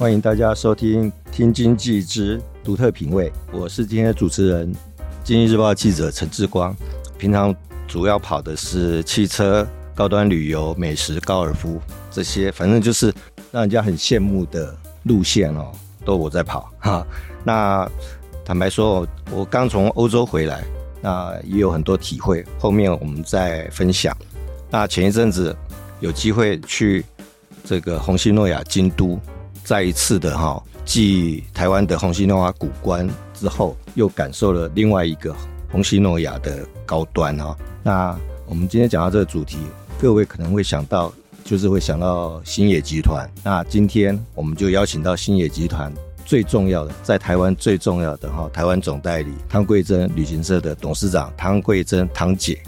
歡迎大家收聽《聽經濟之獨特品味》，我是今天的主持人，《經濟日報》記者陳志光。平常主要跑的是汽車、高端旅遊、美食、高爾夫這些，反正就是讓人家很羨慕的路線哦，都我在跑哈。那坦白說，我剛從歐洲回來，那也有很多體會，後面我們再分享。那前一陣子有機會去這個虹夕諾雅京都。再一次的哈，繼台灣的虹夕諾雅谷關之後，又感受了另外一個虹夕諾雅的高端哈。那我們今天講到這個主題，各位可能會想到，就是會想到星野集團。那今天我們就邀請到星野集團最重要的，在台灣最重要的哈，台灣總代理湯桂禎旅行社的董事長湯桂禎，湯姐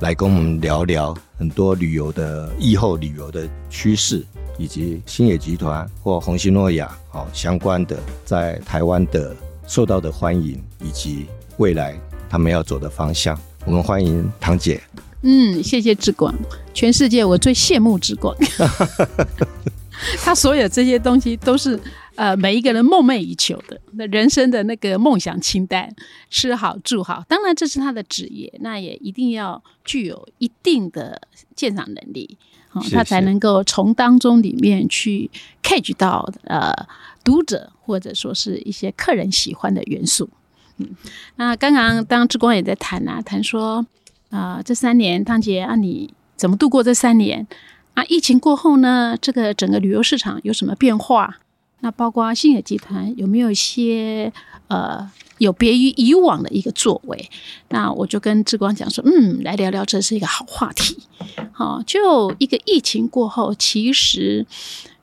來跟我們聊聊很多旅遊的疫後旅遊的趨勢。以及星野集團或虹夕諾雅相關的，在台灣的受到的歡迎，以及未來他們要走的方向，我們歡迎湯姐。嗯，謝謝志光，全世界我最羨慕志光， 他所有這些東西都是。呃，每一個人夢寐以求的那人生的那個夢想清單，吃好住好，當然這是他的職業，那也一定要具有一定的鑑賞能力，啊、哦，他才能夠從當中裡面去 catch 到呃讀者或者說是一些客人喜歡的元素。嗯，那剛剛當志光也在談啊，談說啊、呃、這三年，湯姐啊，你怎麼度過這三年？啊，疫情過後呢，這個整個旅遊市場有什麼變化？那包括星野集團有沒有一些呃有別於以往的一個作為？那我就跟志光講說，嗯，來聊聊，這是一個好話題。哈、哦，就一個疫情過後，其實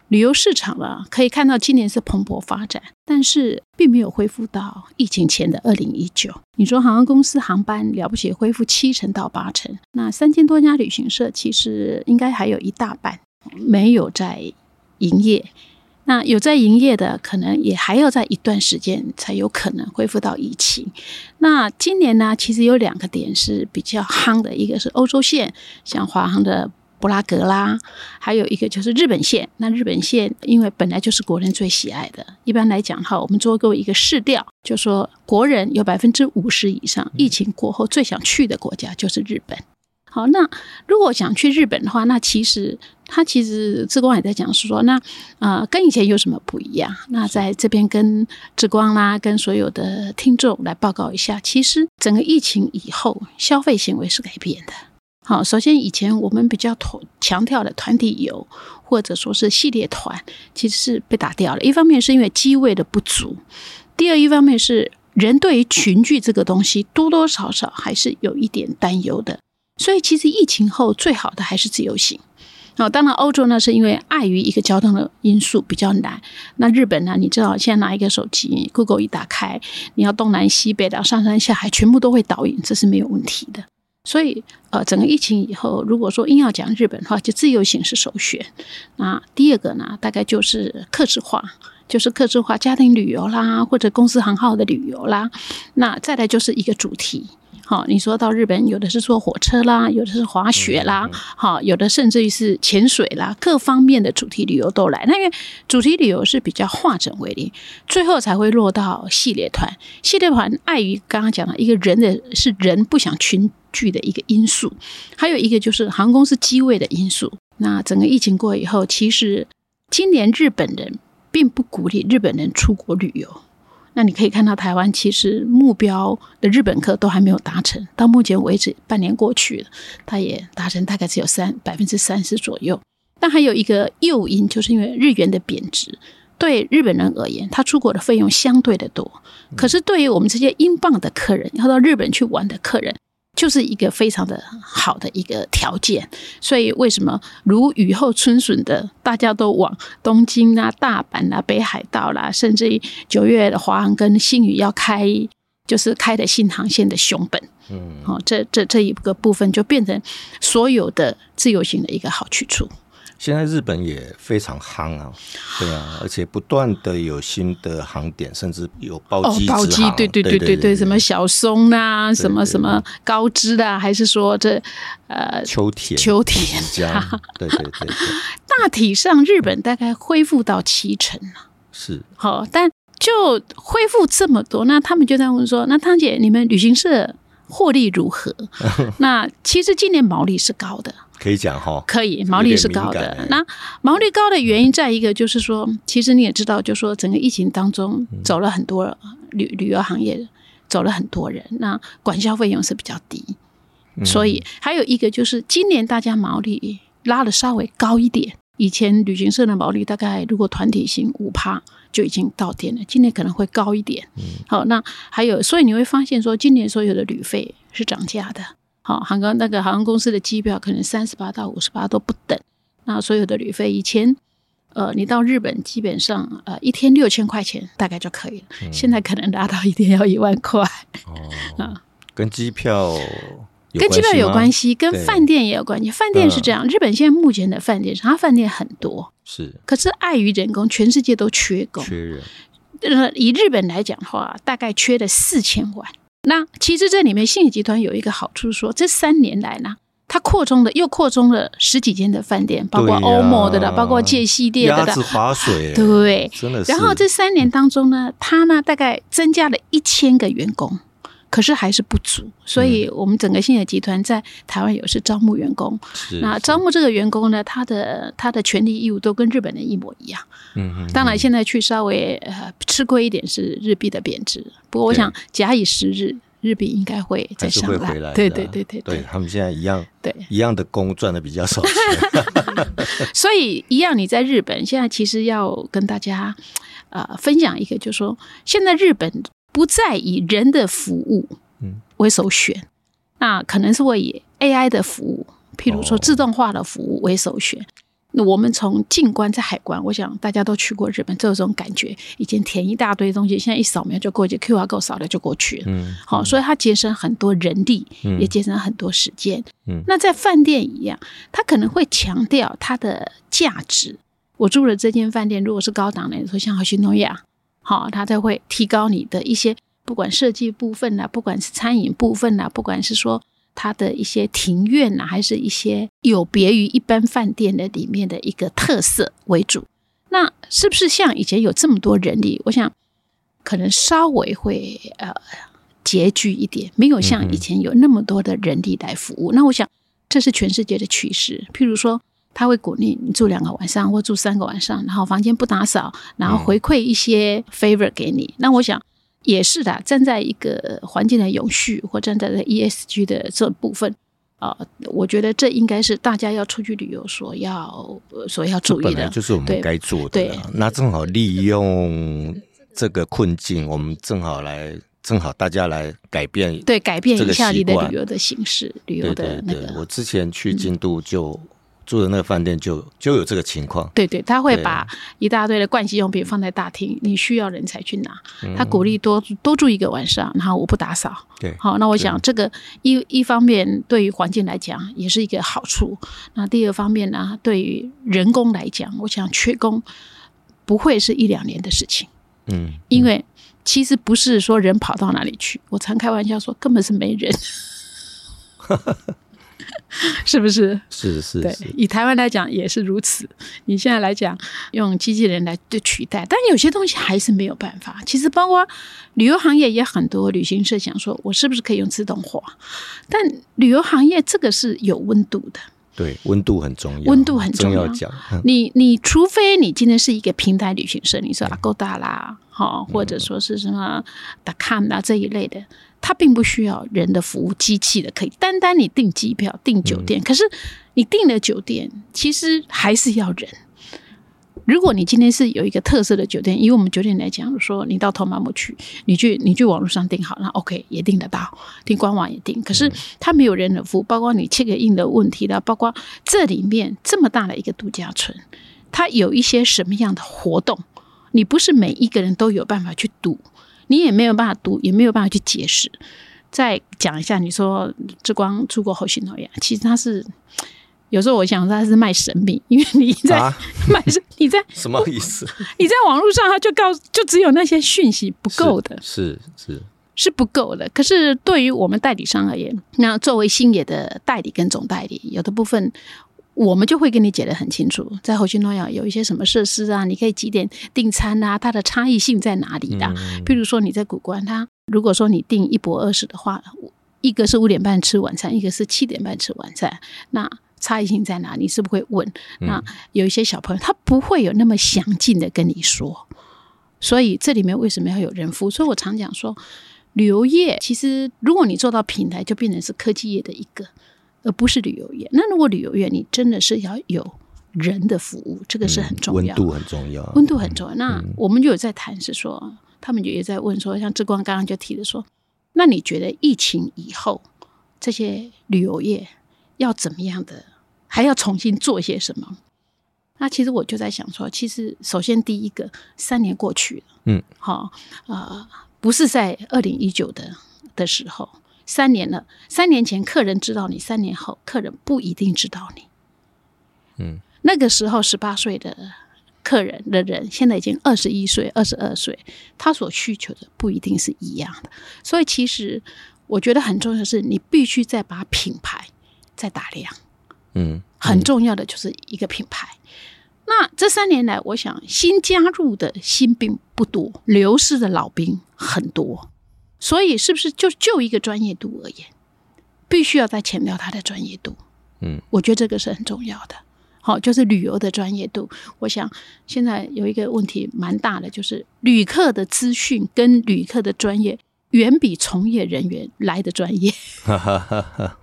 旅遊市場了，可以看到今年是蓬勃發展，但是並沒有恢復到疫情前的二零一九。你說航空公司航班了不起恢復七成到八成，那三千多家旅行社其實應該還有一大半沒有在營業。那有在營業的，可能也還要在一段時間才有可能恢復到疫情。那今年呢，其實有兩個點是比較夯的，一個是歐洲線，像華航的布拉格啦，還有一個就是日本線。那日本線，因為本來就是國人最喜愛的。一般來講哈，我們做過一個市調，就是說，國人有百分之五十以上，疫情過後最想去的國家就是日本。好，那如果想去日本的話，那其實他其實志光也在講是說，那呃，跟以前有什麼不一樣？那在這邊跟志光啦，跟所有的聽眾來報告一下，其實整個疫情以後，消費行為是改變的。好，首先以前我們比較團強調的團體遊或者說是系列團，其實是被打掉了。一方面是因為機位的不足，第二一方面是人對於群聚這個東西多多少少還是有一點擔憂的。所以其實疫情後最好的還是自由行，好、哦，當然歐洲呢是因為礙於一個交通的因素比較難。那日本呢？你知道現在拿一個手機，Google 一打開，你要東南西北的上山下海，全部都會導引，這是沒有問題的。所以呃，整個疫情以後，如果說硬要講日本的話，就自由行是首選。那第二個呢，大概就是客製化，就是客製化家庭旅遊啦，或者公司行號的旅遊啦。那再來就是一個主題。好、哦，你說到日本，有的是坐火車啦，有的是滑雪啦，好、嗯嗯嗯哦，有的甚至於是潛水啦，各方面的主題旅遊都來。那個主題旅遊是比較化整為零，最後才會落到系列團。系列團礙於剛剛講的一個人的是人不想群聚的一個因素，還有一個就是航空是機位的因素。那整個疫情過以後，其實今年日本人並不鼓勵日本人出國旅遊。那你可以看到，台灣其實目標的日本客都還沒有達成。到目前為止，半年過去了，它也達成大概只有三百分之三十左右。但還有一個誘因，就是因為日元的貶值，對日本人而言，他出國的費用相對的多。可是對於我們這些英鎊的客人，要到日本去玩的客人，就是一個非常的好的一個條件，所以為什麼如雨後春筍的，大家都往東京啦、啊、大阪啦、啊、北海道啦、啊，甚至於九月的華航跟星宇要開，就是開的新航線的熊本，嗯、哦，這這這一個部分就變成所有的自由行的一個好去處。現在日本也非常夯啊，對啊，而且不斷的有新的航點，甚至有包機、哦、包機，對對對對對，什麼小松啊，對對對什麼什麼高知的、啊，還是說這呃秋田。秋田、啊，對對對，對， 大體上日本大概恢復到七成了，是。好，但就恢復這麼多，那他們就在問說，那湯姐，你們旅行社，獲利如何？ 那其實今年毛利是高的，可以講哈，可以毛利是高的，欸。那毛利高的原因，再一個就是說，其實你也知道，就是說整個疫情當中走了很多旅，嗯、旅遊行業走了很多人，那管銷費用是比較低，嗯，所以還有一個就是今年大家毛利拉得稍微高一點。以前旅行社的毛利大概如果團體型五趴。就已經到店了。今年可能會高一點。好、嗯哦，那還有，所以你會發現說，今年所有的旅費是漲價的。好、哦，航空，那個航空公司的機票可能三十八到五十八都不等。那所有的旅費一千，以前呃，你到日本基本上呃一天六千塊錢大概就可以了，嗯、現在可能達到一天要一萬塊、嗯。哦，跟機票。跟機票有關係，跟飯店也有關係。飯店是這樣，日本現在目前的飯店，它飯店很多，是。可是礙於人工，全世界都缺工。缺人。呃，以日本來講的話，大概缺了四千萬。那其實這裡面星野集團有一個好處說，說這三年來呢，它擴充了又擴充了十幾間的飯店，包括 OMO 的了，包括界系列的了。鴨子划水。對，真的。然後這三年當中呢，它呢大概增加了一千個員工。可是還是不足，所以我們整個星野集團在台灣有是招募員工。是、嗯，那招募這個員工呢，他的他的權利義務都跟日本人一模一樣。嗯哼哼，當然現在去稍微呃吃虧一點是日幣的貶值，不過我想假以時日，日幣應該會再上來。回來、啊，對，對對對對，對他們現在一樣，對一樣的工賺得比較少錢 所以一樣，你在日本現在其實要跟大家，呃，分享一個，就是說現在日本。不再以人的服務為首選、嗯，那可能是會以 AI 的服務，譬如說自動化的服務為首選。哦、那我們從進關，在海關，我想大家都去過日本，這種感覺，以前填一大堆東西，現在一掃描就過去，QR code 掃了就過去了。嗯,嗯，好、哦，所以它節省很多人力，也節省很多時間、嗯。嗯，那在飯店一樣，它可能會強調它的價值。我住的這間飯店，如果是高檔的，你說像虹夕諾雅。好，它才會提高你的一些，不管設計部分吶、啊，不管是餐飲部分吶、啊，不管是說它的一些庭院吶、啊，還是一些有別於一般飯店的裡面的一個特色為主。那是不是像以前有這麼多人力？我想可能稍微會呃拮據一點，沒有像以前有那麼多的人力來服務。嗯嗯。那我想這是全世界的趨勢。譬如說。他會鼓勵你，你住兩個晚上或住三個晚上，然後房間不打掃，然後回饋一些 favor 給你、嗯。那我想也是的，站在一個環境的永續或站在 E S G 的這部分，啊、呃，我覺得這應該是大家要出去旅遊所要所要注意的。本來就是我們該做的、啊。那正好利用這個困境、嗯，我們正好來，正好大家來改變，對，改變一下你的旅遊的形式，旅遊的、那個、對，對，對，我之前去京都就。嗯住的那個飯店就就有這個情況，對對，他會把一大堆的盥洗用品放在大廳，你需要人才去拿，他鼓勵多多住一個晚上，然後我不打掃，對，好、哦，那我想這個一一方面對於環境來講也是一個好處，那第二方面呢，對於人工來講，我想缺工不會是一兩年的事情，嗯，因為其實不是說人跑到哪裡去，我常開玩笑說，根本是沒人。 是不是？是是，是。對，以台灣來講也是如此。你現在來講，用機器人來就取代，但有些東西還是沒有辦法。其實包括旅遊行業也很多，旅行社想說，我是不是可以用自動化？但旅遊行業這個是有溫度的。對，溫度很重要。溫度很重要。講你，你除非你今天是一個平台旅行社，你說啊 Agoda 啦，好、嗯，或者說是什麼 dot com 啦這一類的。它並不需要人的服務，機器的可以。單單你訂機票、訂酒店，嗯嗯，可是你訂了酒店其實還是要人。如果你今天是有一個特色的酒店，以我們酒店來講，說你到托馬姆去，你去你去網絡上訂好了，OK 也訂得到，訂官網也訂。可是它沒有人的服務，包括你 check in 的問題了，包括這裡面這麼大的一個度假村，它有一些什麼樣的活動，你不是每一個人都有辦法去賭。你也沒有辦法讀，也沒有辦法去解釋。再講一下，你說之光出過後虹夕諾雅，其實他是有時候我想說，他是賣神秘，因為你在、啊、賣神你在什麼意思？你在網絡上，他就告，就只有那些訊息不夠的，是是是，是不夠的。可是對於我們代理商而言，那作為星野的代理跟總代理，有的部分。我們就會跟你解得很清楚，在虹夕諾雅有一些什麼設施啊？你可以幾點訂餐啊？它的差異性在哪裡的？嗯、譬如說你在谷關，它如果說你訂一泊二食的話，一個是五點半吃晚餐，一個是七點半吃晚餐，那差異性在哪？你是不是會問？嗯、那有一些小朋友他不會有那麼詳盡的跟你說，所以這裡面為什麼要有人服務？所以我常講說，旅遊業其實如果你做到平台，就變成是科技業的一個。而不是旅遊業。那如果旅遊業，你真的是要有人的服務，這個是很重要，嗯、溫度很重要，溫度很重要，嗯。那我們就有在談，是說、嗯、他們就也在問說，像志光剛剛就提的說，那你覺得疫情以後這些旅遊業要怎麼樣的，還要重新做些什麼？那其實我就在想說，其實首先第一個，三年過去了，嗯，好、哦、啊、呃，不是在二零一九的的時候。三年了，三年前客人知道你，三年後客人不一定知道你。嗯，那個時候十八歲的客人的人，現在已經二十一歲、二十二歲，他所需求的不一定是一樣的。所以，其實我覺得很重要的是，你必須再把品牌再打量。嗯，嗯，很重要的就是一個品牌。那這三年來，我想新加入的新兵不多，流失的老兵很多。所以，是不是就就一個專業度而言，必須要再強調他的專業度？嗯，我覺得這個是很重要的。好、哦，就是旅遊的專業度，我想現在有一個問題蠻大的，就是旅客的資訊跟旅客的專業，遠比從業人員來的專業。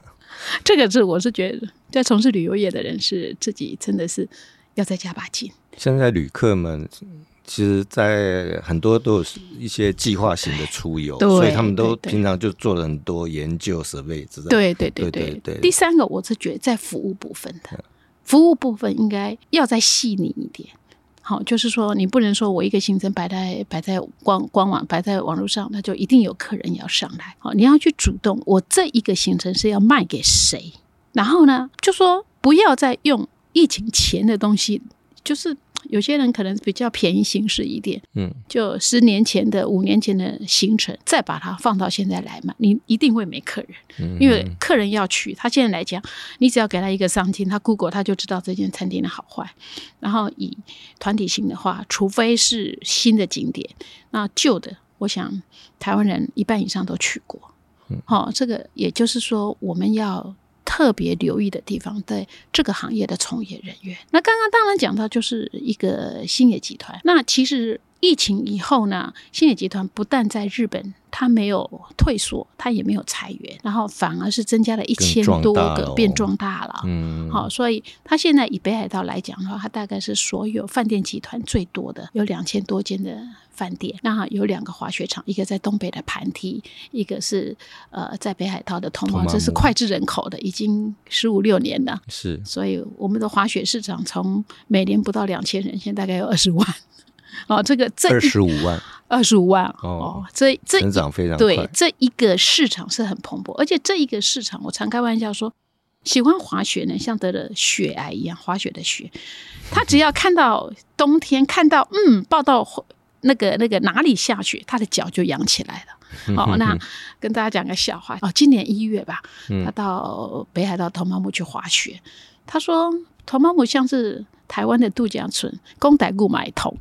這個是我是覺得，在從事旅遊業的人是自己真的是要再加把勁。現在旅客們。其實，在很多都是一些計劃型的出遊對，所以他們都平常就做了很多研究設備，之類。對對對對，對對對。第三個，我是覺得在服務部分的、嗯，服務部分應該要再細膩一點。好、哦，就是說，你不能說我一個行程擺在擺在官官網擺在網絡上，那就一定有客人要上來。好、哦，你要去主動，我這一個行程是要賣給誰？然後呢，就說不要再用疫情前的東西，就是。有些人可能比較便宜行事一點，嗯，就十年前的、五年前的行程，再把它放到現在來嘛，你一定會沒客人，因為客人要去，他現在來講，你只要給他一個餐廳，他 Google 他就知道這間餐廳的好壞。然後以團體行的話，除非是新的景點，那舊的，我想台灣人一半以上都去過。好、哦，這個也就是說，我們要。特別留意的地方，在這個行業的從業人員。那剛剛當然講到，就是一個星野集團。那其實。疫情以後呢，星野集團不但在日本，它沒有退縮，它也沒有裁員，然後反而是增加了一千多個，壯哦、變壯大了。嗯，好、哦，所以它現在以北海道來講的話，它大概是所有飯店集團最多的，有兩千多間的飯店。那有兩個滑雪場，一個在東北的盤梯，一個是呃在北海道的通往。這是膾炙人口的，已經十五六年了。是，所以我們的滑雪市場從每年不到兩千人，現在大概有二十萬。哦，這個這二十五萬，二十五萬哦，哦，這這成長非常快對，這一個市場是很蓬勃，而且這一個市場，我常開玩笑說，喜歡滑雪呢，像得了雪癌一樣，滑雪的雪，他只要看到冬天， 看到嗯，報到那個那個哪裡下雪，他的腳就癢起來了。 哦，那跟大家講個笑話哦，今年一月吧，他到北海道 Tomamu 去滑雪，嗯、他說 Tomamu 像是。台灣的度假村、公仔、古買桶，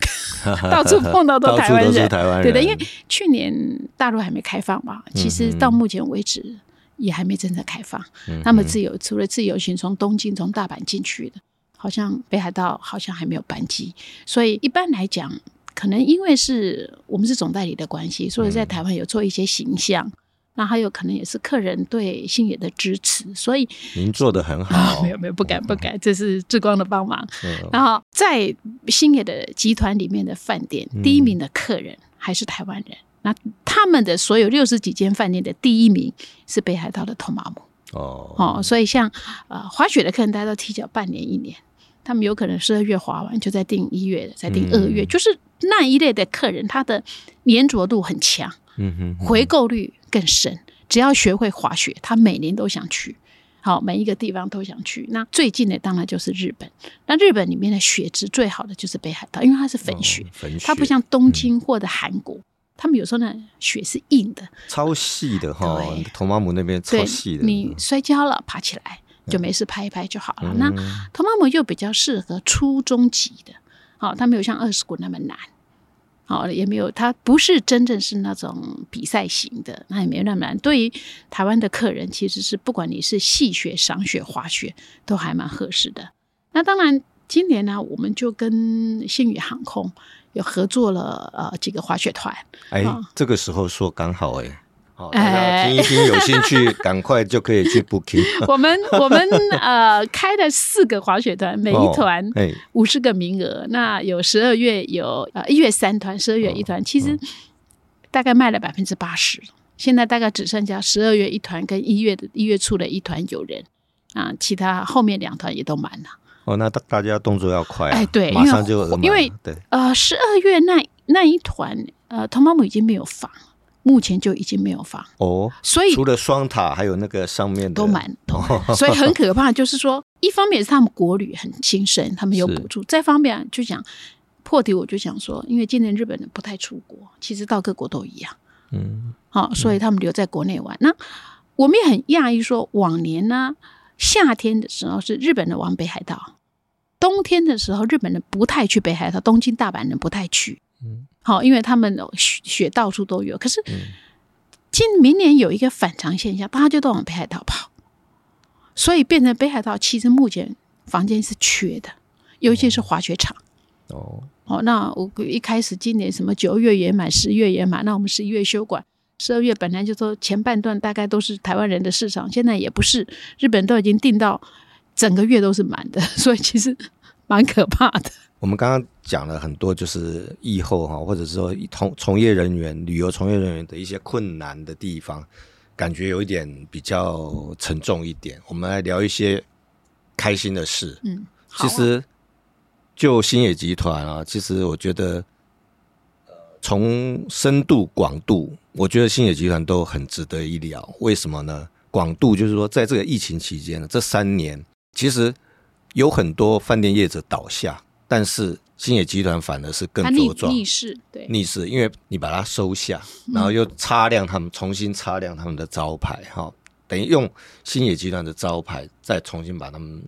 到處碰到都台灣人， 人。對的，因為去年大陸還沒開放嘛嗯嗯。其實到目前為止也還沒真正開放嗯嗯。那麼自由除了自由行，從東京、從大阪進去的嗯嗯，好像北海道好像還沒有班機。所以一般來講，可能因為是我們是總代理的關係，所以在台灣有做一些形象。嗯那還有可能也是客人對星野的支持，所以您做的很好。哦、沒有沒有，不敢不敢，嗯、這是志光的幫忙、嗯。然後在星野的集團裡面的飯店、嗯、第一名的客人還是台灣人。那他們的所有六十幾間飯店的第一名是北海道的托馬姆哦哦，所以像呃滑雪的客人，大家都提早半年一年，他們有可能十二月滑完就再訂一月，再訂二月，嗯，就是那一類的客人，他的黏着度很強。嗯哼，回購率更深。只要學會滑雪，他每年都想去。好，每一個地方都想去。那最近的當然就是日本。那日本裡面的雪質最好的就是北海道，因為它是粉雪，哦、粉雪它不像東京或者韓國、嗯，他們有時候呢雪是硬的，超細的哈、哦。對，托馬姆那邊超細的，你摔跤，了爬起來就沒事，拍一拍就好了。嗯、那托馬姆又比較適合初中級的，好，它沒有像二世谷那麼難。好，了，也沒有，它不是真正是那種比賽型的，那也沒有那麼難。對於台灣的客人，其實是不管你是戲雪、賞雪、滑雪，都還蠻合適的。那當然，今年呢，我們就跟星宇航空有合作了，呃，幾個滑雪團。哎、欸嗯，這個時候說剛好哎、欸。哎、哦，聽一聽，一有興趣趕、哎、快就可以去 booking。 我們我們呃開了四個滑雪團，每一團哎五十個名額、哦。那有十二月有呃一月三團，十二月一團、哦，其實大概賣了百分之八十，現在大概只剩下十二月一團跟一月的一月初的一團有人啊、呃，其他後面兩團也都滿了。哦，那大大家動作要快、啊，哎，對，馬上就因為對因為呃十二月那那一團呃同胞們已經沒有房。目前就已經沒有房哦，所以除了雙塔，還有那個上面的都滿，所以很可怕。 就是說，一方面是他們國旅很謹慎，他們有補助；再方面就講破題，我就想說，因為今年日本人不太出國，其實到各國都一樣，嗯，好、哦，所以他們留在國內玩。嗯、那我們也很訝異，說往年呢，夏天的時候是日本人往北海道，冬天的時候日本人不太去北海道，東京大阪人不太去，嗯。好，因為他們雪雪到處都有，可是今明年有一個反常現象，大家就都往北海道跑，所以變成北海道其實目前房間是缺的，尤其是滑雪場。哦哦，那我一開始今年什麼九月也滿，十月也滿，那我們十一月休館，十二月本來就說前半段大概都是台灣人的市場，現在也不是，日本都已經訂到整個月都是滿的，所以其實蠻可怕的。我們剛剛。講了很多，就是疫後哈、啊，或者說從從業人員、旅遊從業人員的一些困難的地方，感覺有一點比較沉重一點。我們來聊一些開心的事。嗯、啊、其實就星野集團啊，其實我覺得，從深度廣度，我覺得星野集團都很值得一聊。為什麼呢？廣度就是說，在這個疫情期間呢，這三年其實有很多飯店業者倒下，但是。星野集團反而是更茁壯，逆勢對逆勢，因為你把它收下，然後又擦亮他們，重新擦亮他們的招牌，哈、嗯，等於用星野集團的招牌再重新把他們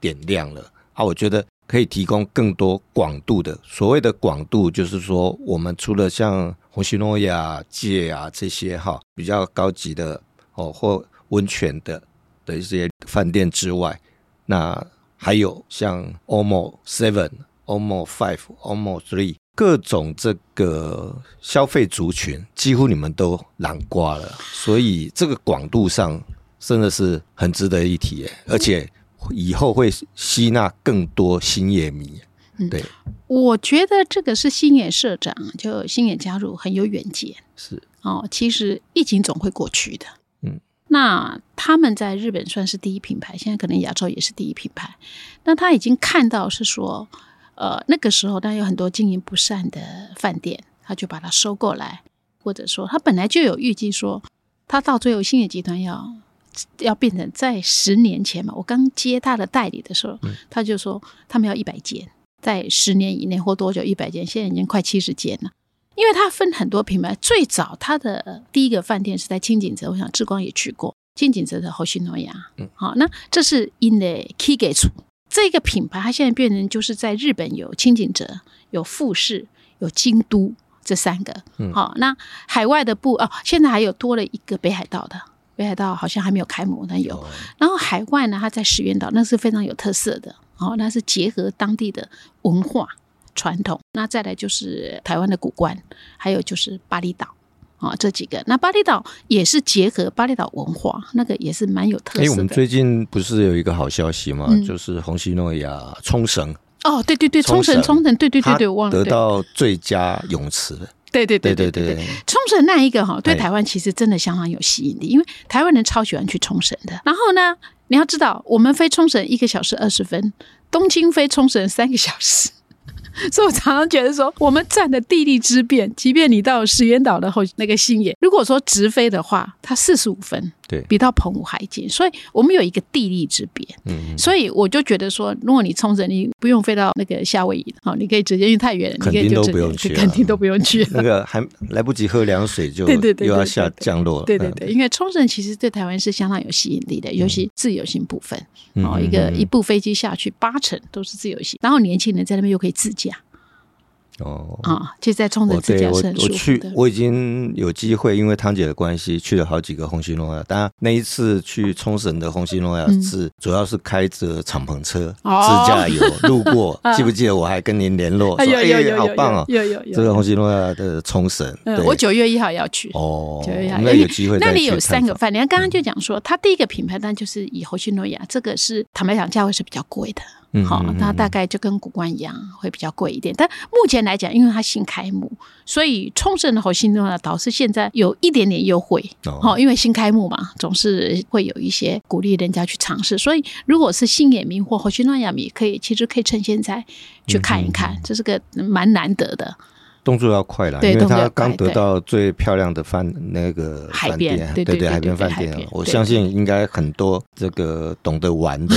點亮了。啊，我覺得可以提供更多廣度的，所謂的廣度，就是說、嗯、我們除了像虹夕諾雅、界啊這些哈比較高級的哦或溫泉的的一些飯店之外，那還有像 OMO 7，OMO five, OMO three 各種這個消費族群幾乎你們都囊括了，所以這個廣度上真的是很值得一提，而且以後會吸納更多星野迷。對、嗯，我覺得這個是星野社長就星野加入很有遠見。是哦，其實疫情總會過去的。嗯，那他們在日本算是第一品牌，現在可能亞洲也是第一品牌。那他已經看到是說。呃，那個時候，當然有很多經營不善的飯店，他就把它收購來，或者說他本來就有預計說，他到最後星野集團要要變成在十年前嘛，我剛接他的代理的時候，他就說他們要一百間，在十年以內或多久一百間，現在已經快七十間了，因為他分很多品牌，最早他的第一個飯店是在輕井澤，我想志光也去過輕井澤的虹夕諾雅，好、哦，那這是他們的起家厝。這個品牌，它現在變成就是在日本有輕井澤、有富士、有京都這三個。好、嗯哦，那海外的部，哦，現在還有多了一個北海道的，北海道好像還沒有開幕，那有、哦。然後海外呢，它在石垣島，那是非常有特色的。哦，那是結合當地的文化傳統。那再來就是台灣的谷關，還有就是巴厘島。啊，這幾個那巴厘島也是結合巴厘島文化，那個也是蠻有特色的。哎，我們最近不是有一個好消息嗎？嗯、就是虹夕諾雅沖繩。哦，對對對，沖繩沖繩,沖繩，對對對對，我忘了得到最佳泳池。對對,對對對對對，沖繩那一個哈，對台灣其實真的相當有吸引力、哎，因為台灣人超喜歡去沖繩的。然後呢，你要知道，我們飛沖繩一個小時二十分，東京飛沖繩三個小時。 所以，我常常覺得說，我們站的地利之便，即便你到石垣島的後那個星野，如果說直飛的話，它四十五分。對，比到澎湖還近，所以我們有一個地利之別。嗯，所以我就覺得說，如果你沖繩，你不用飛到那個夏威夷，哦、嗯，你可以直接去太遠了，肯定都不用去，肯定都不用去。那個還來不及喝涼水，就又要下降落。嗯嗯、對，對對對，因為沖繩其實對台灣是相當有吸引力的，尤其自由行部分，哦、嗯嗯，一個一部飛機下去，八成都是自由行，然後年輕人在那邊又可以自駕。哦，啊，就在沖繩、哦，對，勝。我去，我已經有機會，因為湯姐的關係，去了好幾個虹夕諾雅。當然，那一次去沖繩的虹夕諾雅是、嗯、主要是開着敞篷車、哦、自駕遊，路過、啊，記不記得我還跟您聯絡？哎呀呀，好棒哦！有有有，有，這個虹夕諾雅的沖繩，對，嗯、我九月一號要去哦，九月一號有機會。那裡有三個飯店，你看剛剛就講說，他、嗯、第一個品牌單就是以虹夕諾雅，這個是坦白講，價位是比較貴的。嗯嗯嗯好，那大概就跟谷關一樣，會比較貴一點。但目前來講，因為它新開幕，所以沖繩的虹夕諾雅倒是現在有一點點優惠。好、哦，因為新開幕嘛，總是會有一些鼓勵人家去嘗試。所以，如果是星野迷或虹夕諾雅迷，可以其實可以趁現在去看一看，嗯嗯嗯這是個蠻難得的。動作要快了，因為他剛得到最漂亮的飯那個飯店，海邊，對，對，對對，海邊飯店，我相信應該很多這個懂得玩的。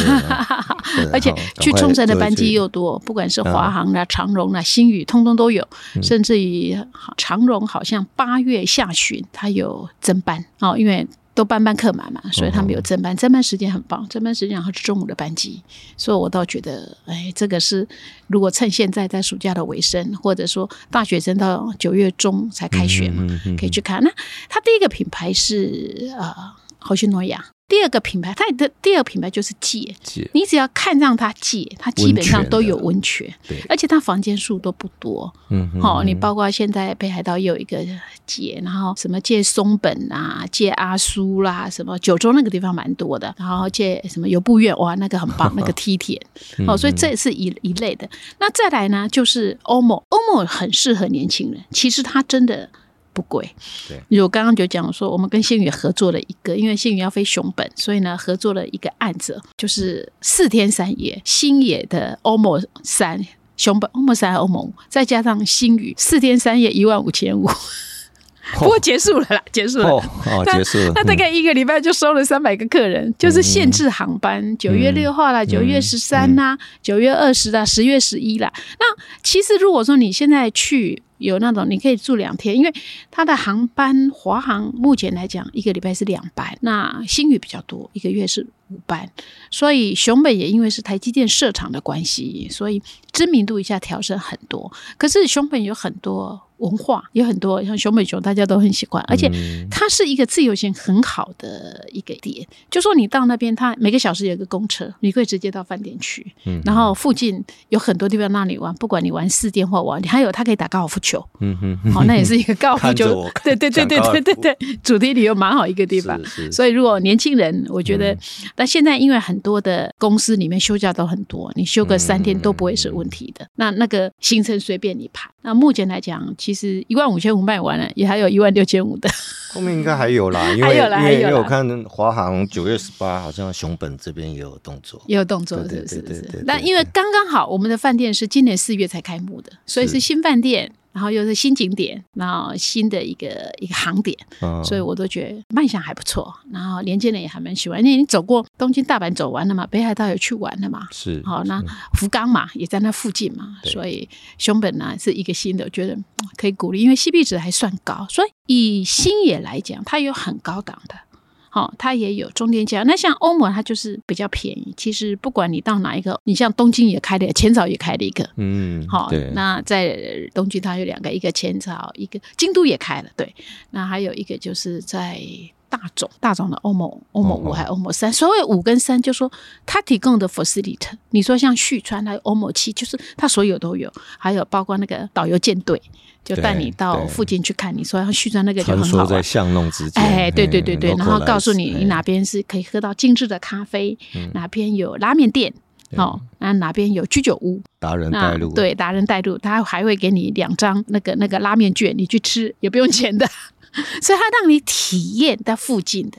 而且去沖繩的班機又多，嗯，不管是華航啦、長榮啦、星宇，通通都有，嗯，甚至於長榮好像八月下旬他有增班哦，因為。都班班客滿嘛，所以他們有正班，正班時間很棒，正班時間，然後是中午的班機，所以我倒覺得，哎，這個是如果趁現在在暑假的尾聲，或者說大學生到九月中才開學嘛，嗯嗯嗯嗯可以去看。那他第一個品牌是呃，虹夕諾雅。第二個品牌，它的第二個品牌就是界。你只要看上它界，它基本上都有溫泉,溫泉。而且它房間數都不多。嗯,嗯，好，你包括現在北海道也有一個界，然後什麼界松本啊、界阿蘇啦，什麼九州那個地方蠻多的，然後界什麼由布院，哇，那個很棒， 那個梯田。所以這也是一一類的。那再來呢，就是 OMO，OMO 很適合年輕人，其實它真的。不貴，對。如我剛剛就講說，我們跟星宇合作了一個，因為星宇要飛熊本，所以呢，合作了一個案子，就是四天三夜，星野的 OMO3，熊本 OMO3OMO5，再加上星宇，四天三夜一萬五千五。哦、 不過結束了啦，結束了，哦，哦結束了那、嗯。那大概一個禮拜就收了三百個客人、嗯，就是限制航班，九月六號啦，九、嗯、月十三、啊嗯、啦，九月二十啦，十月十一啦。那其實如果說你現在去，有那種你可以住兩天，因為他的航班，華航目前來講一個禮拜是兩班，那星宇比較多，一個月是五班，所以熊本也因為是台積電設廠的關係，所以知名度一下調升很多。可是熊本有很多。文化有很多，像熊本熊大家都很喜歡，而且它是一個自由行很好的一個地點、嗯。就說你到那邊，它每個小時有個公車，你可以直接到飯店去、嗯，然後附近有很多地方讓你玩，不管你玩四天或玩，還有它可以打高爾夫球，嗯嗯。好、哦，那也是一個高爾夫球，對對對對對對對，主題旅遊蠻好一個地方。是是是是，所以如果年輕人，我覺得、嗯、但現在因為很多的公司裡面休假都很多，你休個三天都不會是問題的。嗯、那那個行程隨便你排。那目前來講，其實。是一萬五千五賣完了，也還有一萬六千五的， 後面應該還有啦，因為還有還有因為因為我看華航九月十八好像熊本這邊也有動作，也有動作，對對對對，對，那因為剛剛好我們的飯店是今年四月才開幕的，所以是新飯店。然後又是新景點，然後新的一個一個航點，哦，所以我都覺得賣相還不錯。然後年輕人也還蠻喜歡，因為你走過東京、大阪走完了嘛，北海道也去玩了嘛。是好，哦，那福岡嘛也在那附近嘛，所以熊本呢是一個新的，我覺得可以鼓勵，因為 CP 值還算高，所以以星野來講，它有很高檔的。好、哦，它也有中間價。那像 OMO，它就是比較便宜。其實不管你到哪一個，你像東京也開了，淺草也開了一個。嗯，好、哦，那在東京它有兩個，一個淺草，一個京都也開了。對，那還有一個就是在。大眾、大眾的 OMO、OMO 5還 OMO 3，所謂五跟三，就說他提供的 facility 你說像旭川，還有 OMO 7，就是他所有都有，還有包括那個導遊艦隊，就帶你到附近去看。你說旭川那個就很好玩在巷弄之間哎，對對對對,對，嗯、localize, 然後告訴你你哪邊是可以喝到精致的咖啡，嗯、哪邊有拉面店，哦，那哪邊有居酒屋，達人帶路，對，達人帶路，他還會給你兩張那個那個拉面券，你去吃也不用錢的。所以它讓你體驗在附近的，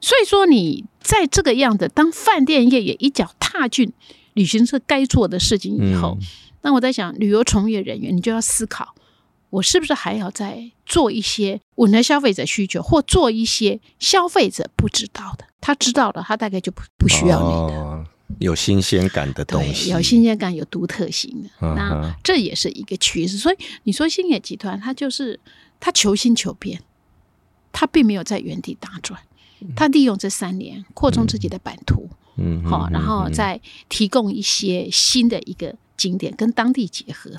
所以說你在這個樣子，當飯店業也一腳踏進旅行社該做的事情以後，那我在想，旅遊從業人員，你就要思考，我是不是還要再做一些吻合消費者需求，或做一些消費者不知道的，他知道了，他大概就不不需要你的，有新鮮感的東西，有新鮮感、有獨特性的，那這也是一個趨勢。所以你說星野集團，它就是。他求新求變，他並沒有在原地打轉，他利用這三年擴充自己的版圖，嗯，好、嗯嗯，然後再提供一些新的一個景點，跟當地結合，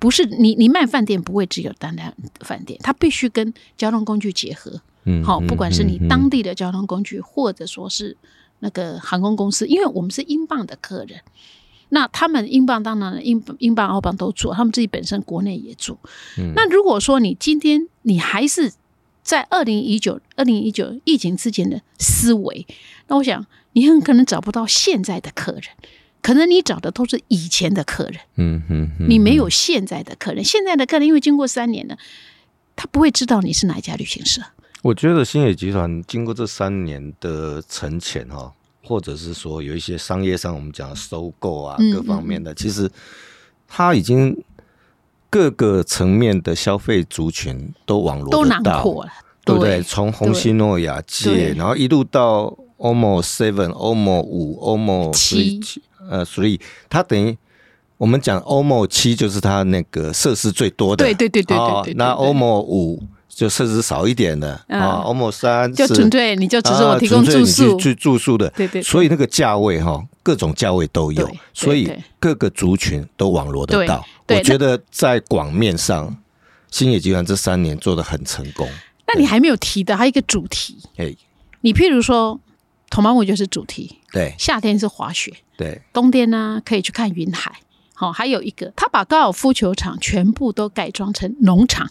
不是你你賣飯店不會只有單單飯店，他必須跟交通工具結合，嗯，好、嗯嗯，不管是你當地的交通工具或者說是那個航空公司，因為我們是英鎊的客人。那他們英鎊當然英鎊，英英鎊、澳鎊都做，他們自己本身國內也做。嗯、那如果說你今天你還是在二零一九、二零一九疫情之前的思維，那我想你很可能找不到現在的客人，可能你找的都是以前的客人。嗯哼、嗯嗯，你沒有現在的客人、嗯，現在的客人因為經過三年了，他不會知道你是哪一家旅行社。我覺得星野集團經過這三年的沉潛，哈。或者是說有一些商業上我們講的收購啊，嗯嗯，各方面的，其實它已經各個層面的消費族群都網絡到，都囊括了，對不對？從虹夕諾雅、界，然後一路到 OMO Seven、OMO 五、OMO 七，呃，所以它等於我們講 OMO 七就是它那個設施最多的，對對對對對，對，對，對，對，對、哦。那 OMO 五，就設置少一點的啊，OMO3 就純粹，你就只是我提供住宿，啊、去,去住宿的，對對,對。所以那個價位哈，各種價位都有，對對對所以各個族群都網羅得到對對對。我覺得在廣面上，星野集團這三年做得很成功。那你還沒有提的，還有一個主題，哎，你譬如說，Tomamu 就是主題，對，夏天是滑雪，對，冬天呢可以去看雲海，好，還有一個，他把高爾夫球場全部都改裝成農場。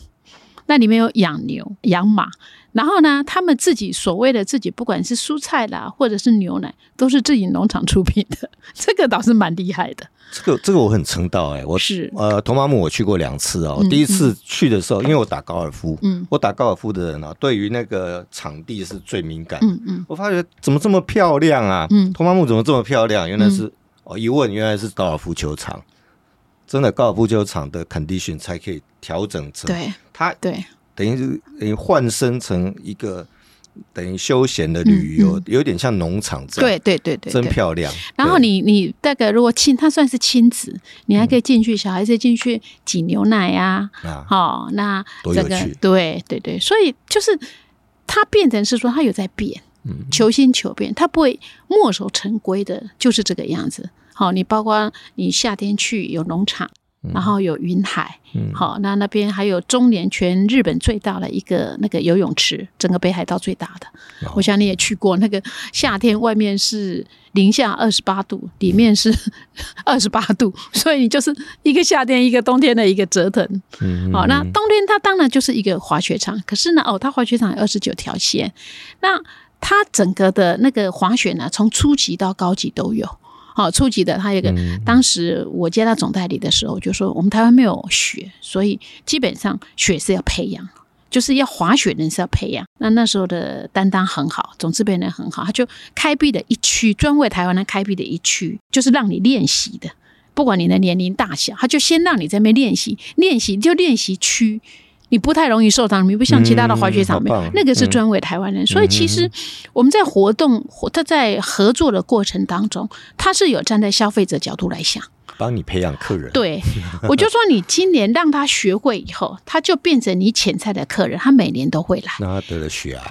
那裡面有養牛、養馬，然後呢，他們自己所謂的自己，不管是蔬菜啦，或者是牛奶，都是自己農場出品的，這個倒是蠻厲害的。這個這個我很稱道哎、欸，我是呃，托馬木我去過兩次哦。嗯嗯，我第一次去的時候，因為我打高爾夫，嗯，我打高爾夫的人啊、哦，對於那個場地是最敏感。嗯嗯，我發覺怎麼這麼漂亮啊？嗯，托馬木怎麼這麼漂亮？原來是、嗯、哦，一問原來是高爾夫球場。真的高爾夫球場的 condition 才可以調整成，對對它對，等於等於換生成一個等於休閒的旅遊、嗯嗯有，有點像農場這樣。對對對對，對，真漂亮。然後你你大概如果親，他算是親子，你還可以進去，嗯、小孩子進去擠牛奶呀、啊。啊、嗯，哦，那、這個、多有趣！對對對，所以就是他變成是說他有在變、嗯，求新求變，他不會墨守成規的，就是這個樣子。好，你包括你夏天去有農場、嗯，然後有雲海、嗯，好，那那邊還有終年全日本最大的一個那個游泳池，整個北海道最大的，嗯、我想你也去過那個夏天，外面是零下二十八度、嗯，裡面是二十八度、嗯，所以你就是一個夏天、嗯、一個冬天的一個折騰。好，那冬天它當然就是一個滑雪場，可是呢，哦，它滑雪場有二十九條線，那它整個的那個滑雪呢、啊，從初級到高級都有。好，初級的他有個，當時我接到總代理的時候就說，我們台灣沒有雪，所以基本上雪是要培養，就是要滑雪人是要培養。那那時候的擔當很好，總之變得很好，他就開闢了一區，專為台灣人開闢的一區，就是讓你練習的，不管你的年齡大小，他就先讓你在那邊練習，練習就練習區。你不太容易受傷，你不像其他的滑雪場沒有、嗯，那個是專為台灣人、嗯。所以其實我們在活動，嗯、他，在合作的過程當中，他是有站在消費者角度來想，幫你培養客人。對， 我就說你今年讓他學會以後，他就變成你潛在的客人，他每年都會來。那他得了血癌。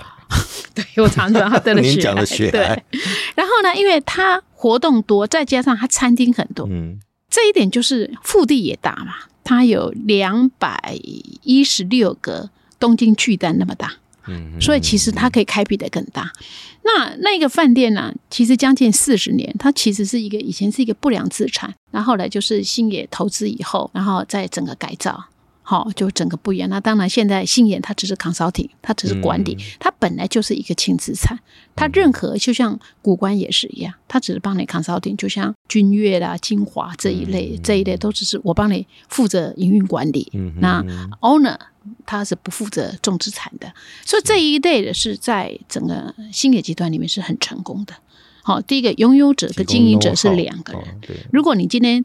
對，我常常他得了血癌。您講了血癌。然後呢，因為他活動多，再加上他餐廳很多，嗯，這一點就是腹地也大嘛。它有兩百一十六個東京巨蛋那麼大，嗯嗯，所以其實它可以開闢得更大。嗯，那那個飯店呢，啊？其實將近四十年，它其實是一個以前是一個不良資產，然後來就是星野投資以後，然後再整個改造。好、哦，就整個不一樣。那當然，現在星野它只是 consulting，它只是管理、嗯，它本來就是一個輕資產、嗯。它任何就像谷關也是一樣，它只是幫你 consulting，就像君悅啦、晶華這一類、嗯，這一類都只是我幫你負責營運管理。嗯、那 owner 他是不負責重資產的、嗯，所以這一類的是在整個星野集團裡面是很成功的。好、哦，第一個擁有者跟經營者是兩個人。哦、如果你今天。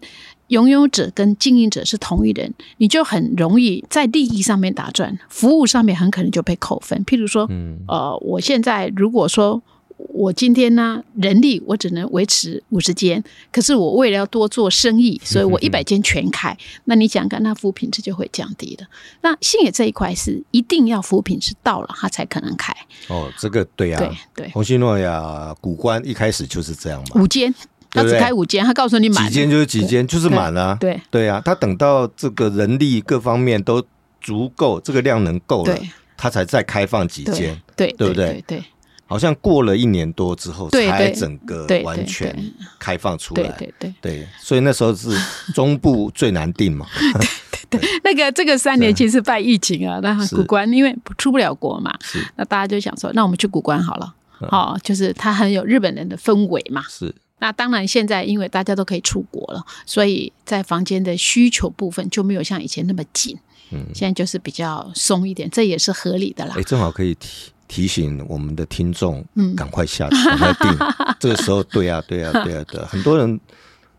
擁有者跟經營者是同一人，你就很容易在利益上面打轉，服務上面很可能就被扣分。譬如說，嗯、呃，我現在如果說我今天呢、啊，人力我只能維持五十間，可是我為了要多做生意，所以我一百間全開，嗯、那你想看，那服務品質就會降低的。那星野這一塊是一定要服務品質到了，它才可能開。哦，這個對啊，對對，虹夕諾雅、谷關一開始就是這樣嘛，五間。他只開五間，他告訴你滿幾間就是幾間，就是滿了、啊。對對,對啊，他等到這個人力各方面都足夠，這個量能夠了對，他才再開放幾間。對對對,不對,對對對，好像過了一年多之後對對對才整個完全開放出來。對對對,對,對,對,對，所以那時候是中部最難定嘛。對對對， 對對對 對對對 那個這個三年其實拜疫情啊，那谷關因為出不了國嘛，是那大家就想說，那我們去谷關好了。好、哦，就是他很有日本人的氛圍嘛。是。那當然，現在因為大家都可以出國了，所以在房間的需求部分就沒有像以前那麼緊，嗯，現在就是比較鬆一點，這也是合理的啦。誒，正好可以提提醒我們的聽眾，嗯，趕快下去，趕快訂。 這個時候，對呀、啊，對呀、啊，對呀、啊，對、啊， 很多人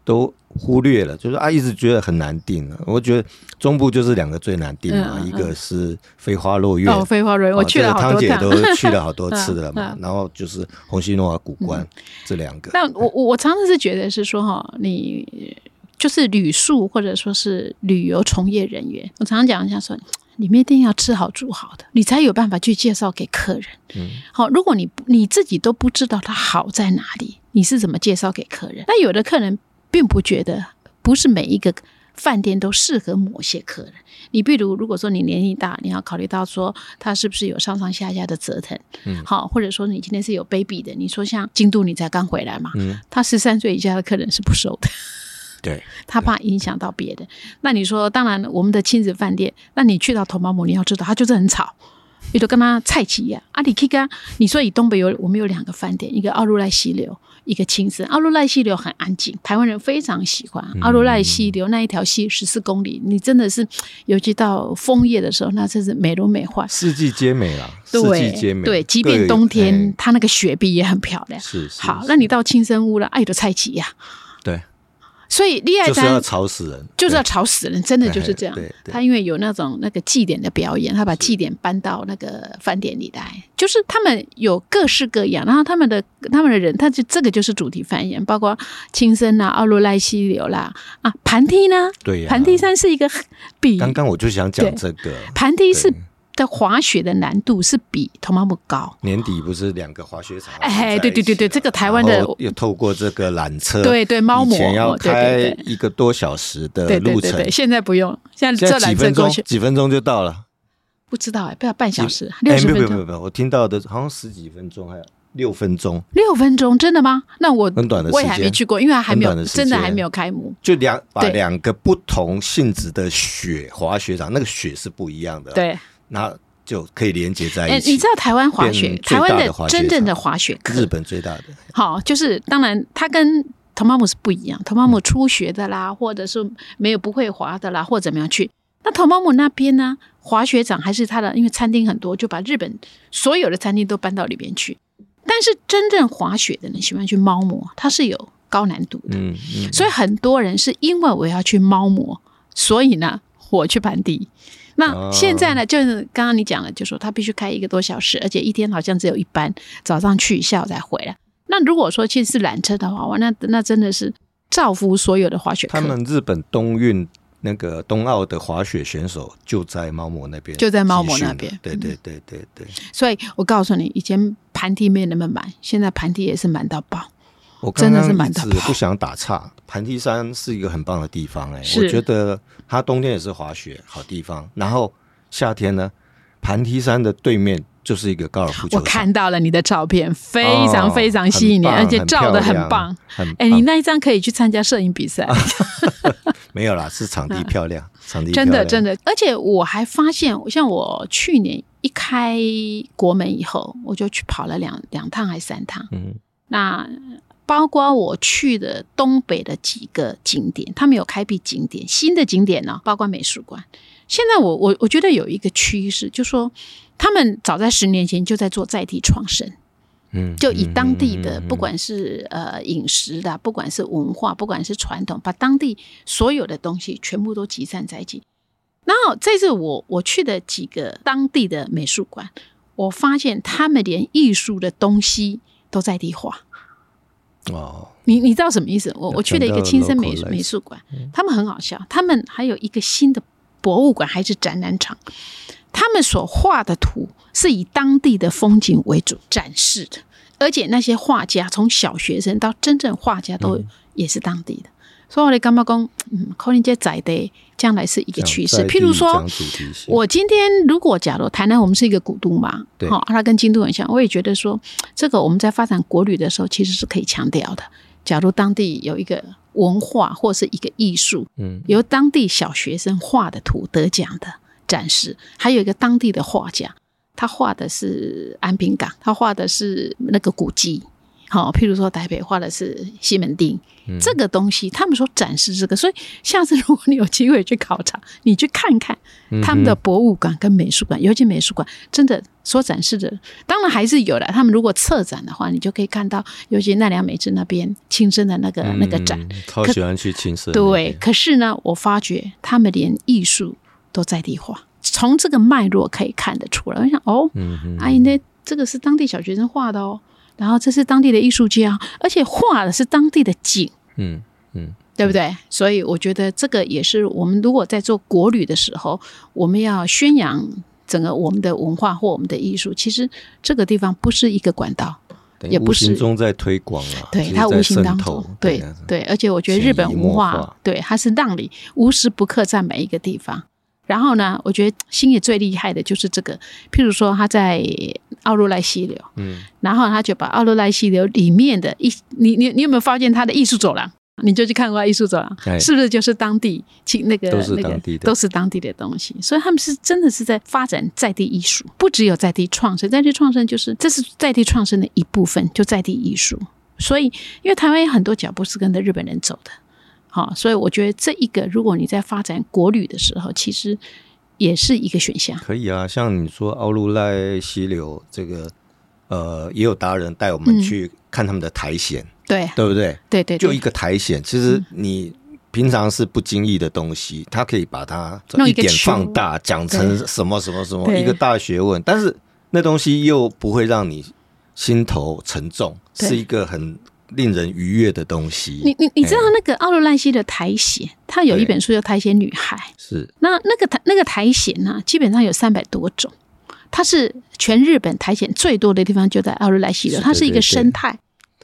都。忽略了，就是啊，一直覺得很難定。我覺得中部就是兩個最難定的，嗯，一個是飛花落院，嗯哦，飛花落院，哦哦，湯姐都去了好多次了嘛。嗯，然後就是虹夕諾雅谷關，嗯，這兩個。那我，嗯，我常常是覺得是說哈，你就是旅宿或者說是旅遊從業人員，我常常講一下說，你們一定要吃好住好的，你才有辦法去介紹給客人。好，嗯哦，如果你你自己都不知道它好在哪裡，你是怎麼介紹給客人？那有的客人。並不覺得，不是每一個飯店都適合某些客人。你比如，如果說你年齡大，你要考慮到說他是不是有上上下下的折騰，嗯，好，或者說你今天是有 baby 的，你說像京都你才剛回來嘛，嗯，他十三歲以下的客人是不收的，對， 他怕影響到別的。那你說，當然我們的親子飯店，那你去到 Tomamu，你要知道他就是很吵。有的跟他蔡雞呀，阿裡克啊你，你說以東北有我們有兩個飯店，一個奧入瀨溪流，一個青森。奧入瀨溪流很安靜，台灣人非常喜歡。奧入、嗯、瀨溪流那一條溪十四公里，你真的是，尤其到楓葉的時候，那真是美輪美奐，四季皆美、啊、四季皆美對，即便冬天，它那個雪碧也很漂亮。是，好，、哎好是是是，那你到青森屋了，阿裡蔡菜雞呀、啊。對。所以，戀愛山就是要吵死人，就是吵死人，就是要吵死人，真的就是這樣。嘿嘿對對他因為有那種那個祭典的表演，他把祭典搬到那個飯店裡來，是就是他們有各式各樣，然後他們的他們的人，他就這個就是主題飯店，包括青森啦、奧入瀨溪流啦啊，啊，磐梯呢？對呀、啊，磐梯山是一個比剛剛我就想講這個磐梯是。滑雪的難度是比托馬姆高。年底不是兩個滑雪場？哎、欸，對對對對，這個台灣的，又透過這個纜車，對對，對，貓魔要開一個多小時的路程。對對對對，現在不用，現在坐纜車幾分鐘，幾分鐘就到了。不知道哎、欸，不要半小時，六、欸、十分鐘、欸？沒有沒有沒有，我聽到的好像十幾分鐘，還有六分鐘，六分鐘真的嗎？那我很短的時間，我也還沒去過，因為還沒有的真的還沒有開幕。就兩把兩個不同性質的雪滑雪場，那個雪是不一樣的。對。那就可以連接在一起、呃。你知道台灣滑雪，滑雪台灣的真正的滑雪，日本最大的。好，就是當然它跟托馬姆是不一樣。托馬姆初學的啦，或者是沒有不會滑的啦，或怎麼樣去。那托馬姆那邊呢，滑雪場還是它的，因為餐廳很多，就把日本所有的餐廳都搬到裡邊去。但是真正滑雪的人喜歡去貓魔，它是有高難度的、嗯嗯，所以很多人是因為我要去貓魔，所以呢，我去磐梯。那、哦、現在呢？就是剛剛你講了，就說他必須開一個多小時，而且一天好像只有一班，早上去一下我才回來。那如果說其實是纜車的話，哇，那那真的是造福所有的滑雪客。他們日本冬運那個冬奧的滑雪選手就在貓魔那邊，就在貓魔那邊、嗯。對對對對對。所以我告訴你，以前盤梯沒有那麼滿，現在盤梯也是滿到爆。我剛剛真的是剛一直不想打岔，盤梯山是一個很棒的地方哎、欸，我覺得它冬天也是滑雪好地方，然後夏天呢，盤梯山的對面就是一個高爾夫球場。我看到了你的照片，非常非常吸引你，哦、而且照得很棒，很哎、欸，你那一張可以去參加攝影比賽。 沒有啦，是場地漂亮，啊、場地漂亮真的真的，而且我還發現，像我去年一開國門以後，我就去跑了兩兩趟還是三趟，嗯，那。包括我去的東北的幾個景點，他們有開闢景點新的景點呢。包括美術館，現在我我我覺得有一個趨勢，就是說他們早在十年前就在做在地創生，嗯，就以當地的不管是呃飲食的，不管是文化，不管是傳統，把當地所有的東西全部都集散在一起。然後這次我我去的幾個當地的美術館，我發現他們連藝術的東西都在地化。哦，你你知道什麼意思？我我去了一個青森美美術館，他們很好笑，他們還有一個新的博物館，還是展覽場。他們所畫的圖是以當地的風景為主展示的，而且那些畫家從小學生到真正畫家都也是當地的。所以，我來剛毛講，嗯，可能這在地的，將來是一個趨勢。譬如說，我今天如果假如台南，我們是一個古都嘛，好，它跟京都很像，我也覺得說，這個我們在發展國旅的時候，其實是可以強調的。假如當地有一個文化，或是一個藝術，嗯，由當地小學生畫的圖得獎的展示，還有一個當地的畫家，他畫的是安平港，他畫的是那個古跡，好，譬如說台北畫的是西門町。嗯、這個東西，他們所展示這個，所以下次如果你有機會去考察，你去看看他們的博物館跟美術館，嗯、尤其美術館真的所展示的，當然還是有的。他們如果策展的話，你就可以看到，尤其奈良美智那邊，青森的那個、嗯、那個展。超喜歡去青森。對，可是呢，我發覺他們連藝術都在地化，從這個脈絡可以看得出來。我想哦，阿、嗯、姨，那、哎、這個是當地小學生畫的哦。然後這是當地的藝術家啊，而且畫的是當地的景，嗯嗯，對不對？所以我覺得這個也是我們如果在做國旅的時候，我們要宣揚整個我們的文化或我們的藝術。其實這個地方不是一個管道，也不是，無形中在推廣啊，對，它無形當中，對、嗯、對。而且我覺得日本文化，化，對，它是讓你無時不刻在每一個地方。然後呢，我覺得星野最厲害的就是這個，譬如說他在奧入瀨溪流，嗯，然後他就把奧入瀨溪流裡面的一，你你你有沒有發現他的藝術走廊？你就去看過他藝術走廊，哎，是不是就是當地請那個那個都是當地的，那個，都是當地的東西？所以他們是真的是在發展在地藝術，不只有在地創生，在地創生就是這是在地創生的一部分，就在地藝術。所以，因為台灣有很多腳步是跟着日本人走的。好、哦，所以我覺得這一個，如果你在發展國旅的時候，其實也是一個選項。可以啊，像你說奧入瀨溪流這個，呃，也有達人帶我們去看他們的苔蘚、嗯，對，對不對？對對，對。就一個苔蘚，其實你平常是不經意的東西，它、嗯、可以把它一點放大，講成什麼什麼什麼一個大學問，但是那東西又不會讓你心頭沉重，是一個很。令人愉悅的東西。你你你知道那個奧若萊西的苔蘚、欸，它有一本書叫《苔蘚女孩》欸。是那那個苔那個苔蘚呢，基本上有三百多種。它是全日本苔蘚最多的地方，就在奧若萊西的、的。它是一個生態，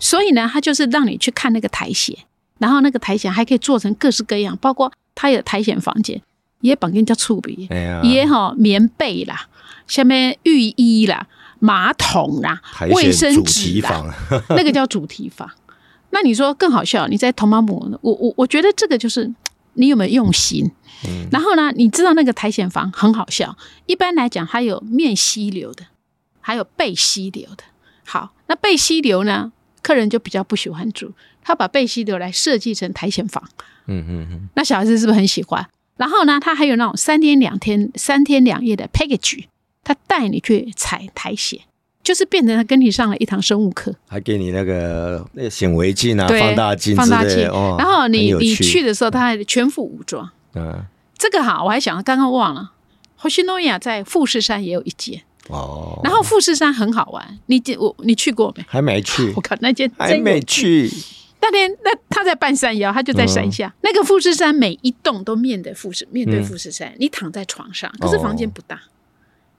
所以呢，它就是讓你去看那個苔蘚。然後那個苔蘚還可以做成各式各樣，包括它有苔蘚房間，也綁跟叫觸鼻，也、欸、好、啊、棉被啦，下面浴衣啦。馬桶啦、啊，衛生紙、啊，那個叫主題房。 那你說更好笑，你在 Tomamu，我我我覺得這個就是你有沒有用心，嗯。然後呢，你知道那個苔蘚房很好笑。一般來講，它有面溪流的，還有背溪流的。好，那背溪流呢，客人就比較不喜歡住。他把背溪流來設計成苔蘚房。嗯嗯嗯。那小孩子是不是很喜歡？然後呢，他還有那種三天兩天、三天兩夜的 package。他帶你去踩苔蘚，就是變成他跟你上了一堂生物課，還給你那個那顯微鏡啊、放大鏡、放大鏡哦。然後你你去的時候，他還全副武裝。嗯，這個哈，我還想剛剛忘了。虹夕諾雅在富士山也有一間哦，然後富士山很好玩。你我你去過沒？還沒去。啊、我靠，那間真沒去。嗯、那天那他在半山腰，他就在山下。嗯、那個富士山每一棟都面對富士、嗯，面對富士山。你躺在床上，嗯、可是房間不大。哦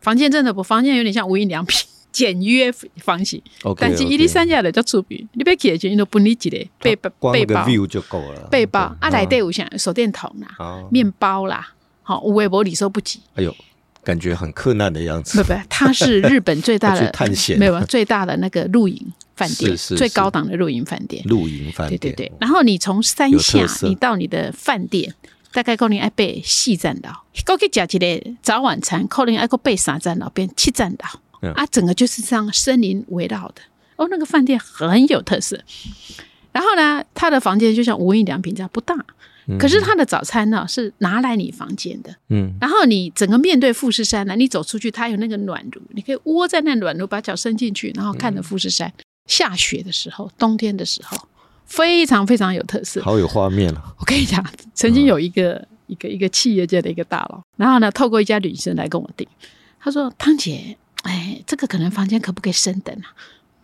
房間真的不，房間有點像無印良品，簡約房型。Okay, okay. 但是伊里山下的叫粗鄙，你不別客氣，你都不離記的背背包。光一個 view 就夠了。背包，啊，裡面有什麼，手電筒啦，啊、麵包啦，好、啊，五微波，你收不急。哎呦，感覺很困難的樣子。不不，它是日本最大的 探險，沒有最大的那個露營飯店 是是是，最高檔的露營飯店。露營飯店，對對對。哦、然後你從山下，你到你的飯店。大概可能要被細占到，過去講期嘞早晚餐可能要被啥占到，變七占到、yeah. 啊，整個就是這樣森林圍繞的。哦，那個飯店很有特色。然後呢，他的房間就像無印良品家不大，嗯、可是他的早餐呢、啊、是拿來你房間的。嗯，然後你整個面對富士山呢、啊，你走出去，他有那個暖爐，你可以窩在那暖爐，把腳伸進去，然後看着富士山、嗯、下雪的時候，冬天的時候。非常非常有特色，好有畫面了、啊。我跟你講，曾經有一個、嗯、一個一個企業界的一個大佬，然後呢，透過一家旅行社來跟我訂，他說：“湯姐，哎、欸，這個可能房間可不可以升等啊？”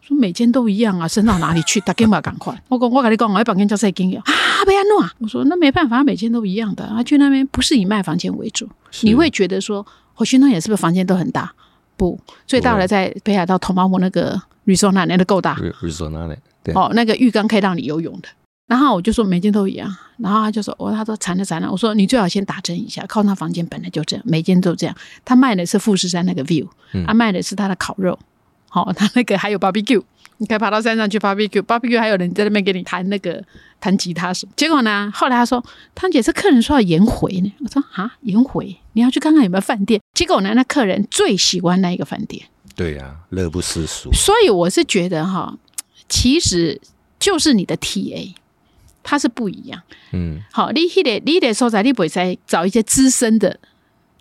說每間都一樣啊，升到哪裡去？他根本趕快誇。 我講，我跟你講，我一幫跟叫授金友啊，北海弄啊，我說那沒辦法，每間都一樣的。他、啊、去那邊不是以賣房間為主，你會覺得說，我去北海道是不是房間都很大？不，最大的在北海道土毛木那個。Risonare 那的都夠大，Risonare 那的哦，那個浴缸，可以讓你游泳的。然後我就說每間都一樣，然後他就說，我、哦、他說慘了慘了，我說你最好先打針一下。靠，那房間本來就這樣，每間都這樣。他賣的是富士山那個 view，他賣的是他的烤肉，好、嗯哦，他那個還有 barbecue，你可以爬到山上去 barbecue，barbecue 還有人在那邊給你彈那個彈吉他什麼。結果呢，後來他說湯姐，這客人說要顏回呢，我說啊，顏回，你要去看看有沒有飯店。結果呢，那客人最喜歡那一個飯店。對呀、啊，樂不思蜀。所以我是覺得哈，其實就是你的 TA，它是不一樣。嗯，好，你你得你得所在，你不會再找一些資深的、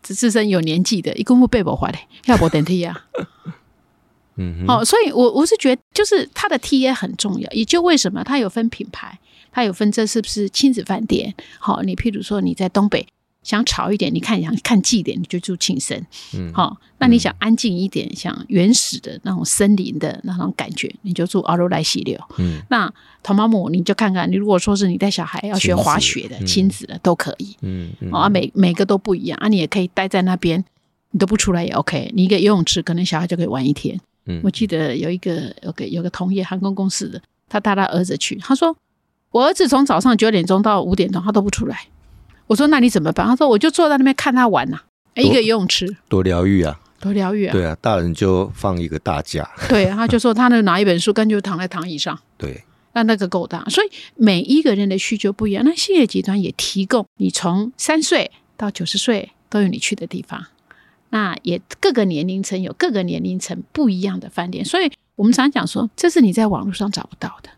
資深有年紀的，一個沒被我發的要坐電梯呀、啊。 嗯，好，所以，我我是覺得，就是它的 TA 很重要。也就為什麼它有分品牌，它有分這是不是親子飯店。好，你譬如說你在東北。想吵一點，你看想看祭典，你就住青森，嗯，好、哦。那你想安靜一點，想、嗯、原始的那種森林的那種感覺，你就住奧入瀨溪流。嗯，那 Tomamu，你就看看，你如果說是你帶小孩要學滑雪的、親子、嗯、親子的都可以，嗯、嗯、哦、啊，每每個都不一樣啊。你也可以待在那邊，你都不出來也 OK。你一個游泳池，可能小孩就可以玩一天。嗯，我記得有一個有個有個同業航空公司的，他帶他兒子去，他說我兒子從早上九點鐘到五點鐘，他都不出來。我說：“那你怎麼辦？”他說：“我就坐在那邊看他玩吶、啊，一個游泳池，多療癒啊，多療癒啊！對啊，大人就放一個大假。 對、啊，他就說他那拿一本書，跟就躺在躺椅上。對，那那個夠大。所以每一個人的需求不一樣。那星野集團也提供你從三歲到九十歲都有你去的地方。那也各個年齡層有各個年齡層不一樣的飯店。所以我們常講說，這是你在網絡上找不到的。”